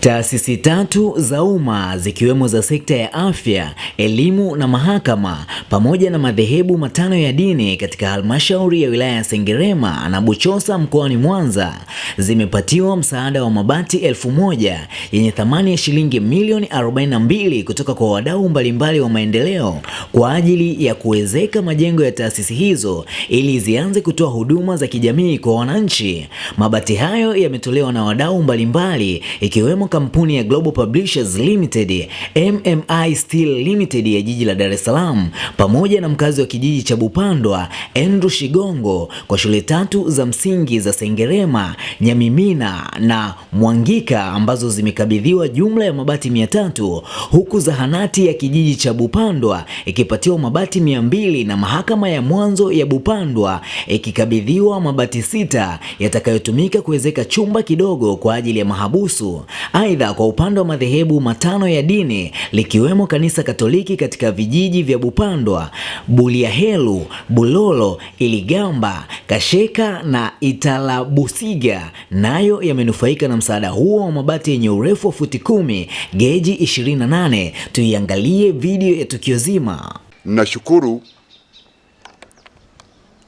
Taasisi tatu za umma zikiwemo za sekta ya afya, elimu na mahakama pamoja na madhehebu matano ya dini katika halmashauri ya wilaya ya Sengerema na Buchosa mkoani Mwanza zimepatiwa msaada wa mabati elfu moja yenye thamani ya shilingi milioni 42 kutoka kwa wadau mbalimbali wa maendeleo kwa ajili ya kuwezeka majengo ya taasisi hizo ili zianze kutoa huduma za kijamii kwa wananchi. Mabati hayo yametolewa na wadau mbalimbali ikiwemo kampuni ya Global Publishers Limited, MMI Steel Limited ya jiji la Dar es Salaam pamoja na mkazi wa kijiji cha Bupandwa Andrew Shigongo kwa shule tatu za msingi za Sengerema, Nyamimina na Mwangika ambazo zimekabidhiwa jumla ya mabati mia tatu huku zahanati ya kijiji cha Bupandwa ikipatiwa mabati mia mbili na mahakama ya mwanzo ya Bupandwa ikikabidhiwa mabati sita yatakayotumika kuwezeka chumba kidogo kwa ajili ya mahabusu. Aidha, kwa upande wa madhehebu matano ya dini likiwemo kanisa Katoliki katika vijiji vya Bupandwa Mwadwa, Buliahelu, Bulolo, Iligamba, Kasheka na Italabusiga nayo yamenufaika na msaada huo wa mabati yenye urefu wa futi kumi, geji 28. Tuiangalie video ya tukio zima. Nashukuru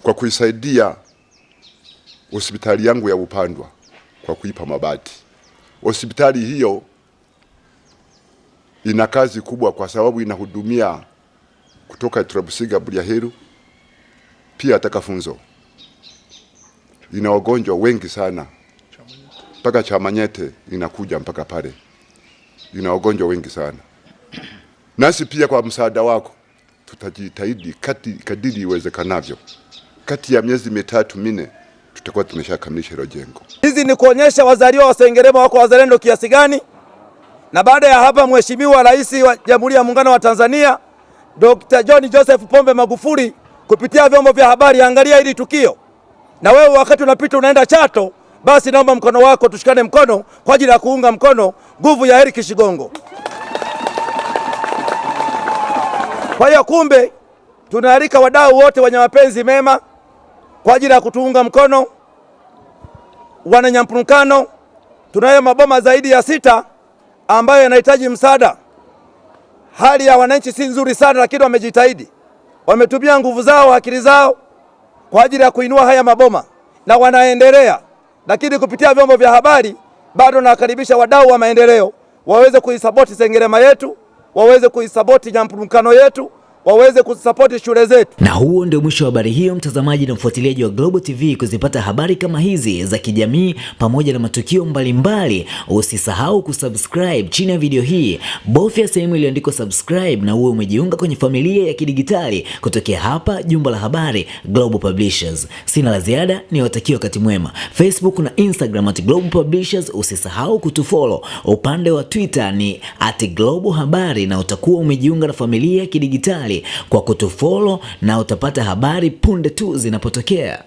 kwa kuisaidia hospitali yangu ya upandwa kwa kuipa mabati. Hospitali hiyo ina kazi kubwa kwa sababu inahudumia kutoka Turabusiga Bulyaheru pia atakafunzo ina wagonjwa wengi sana mpaka Chamanyete inakuja mpaka pale, ina wagonjwa wengi sana nasi pia kwa msaada wako tutajitahidi kati kadiri iwezekanavyo. Kati ya miezi mitatu minne tutakuwa tumeshakamilisha hilo jengo. Hizi ni kuonyesha wazaliwa wa Sengerema wako wazalendo kiasi gani, na baada ya hapa Mheshimiwa Rais wa Jamhuri ya Muungano wa Tanzania Dr. John Joseph Pombe Magufuli kupitia vyombo vya habari, angalia hili tukio. Na wewe wakati unapita unaenda Chato, basi naomba mkono wako, tushikane mkono kwa ajili ya kuunga mkono nguvu ya Eric Shigongo. Kwa hiyo kumbe, tunaalika wadau wote wenye mapenzi mema kwa ajili ya kutuunga mkono. Wananyampunkano, tunayo maboma zaidi ya sita ambayo yanahitaji msaada hali ya wananchi si nzuri sana, lakini wamejitahidi, wametumia nguvu zao, akili zao kwa ajili ya kuinua haya maboma na wanaendelea. Lakini kupitia vyombo vya habari bado nawakaribisha wadau wa maendeleo waweze kuisapoti Sengerema yetu, waweze kuisapoti Nyampulumkano yetu waweze kusapoti shule zetu. Na huo ndio mwisho wa habari hiyo, mtazamaji na mfuatiliaji wa Global TV. Kuzipata habari kama hizi za kijamii pamoja na matukio mbalimbali, usisahau kusubscribe chini ya video hii, bofya sehemu iliyoandikwa subscribe na uwe umejiunga kwenye familia ya kidigitali kutokea hapa Jumba la Habari Global Publishers. Sina la ziada, ni watakia wakati mwema. Facebook na Instagram at Global Publishers, usisahau kutufollow. Upande wa Twitter ni at Global Habari na utakuwa umejiunga na familia ya kidigitali kwa kutufollow na utapata habari punde tu zinapotokea.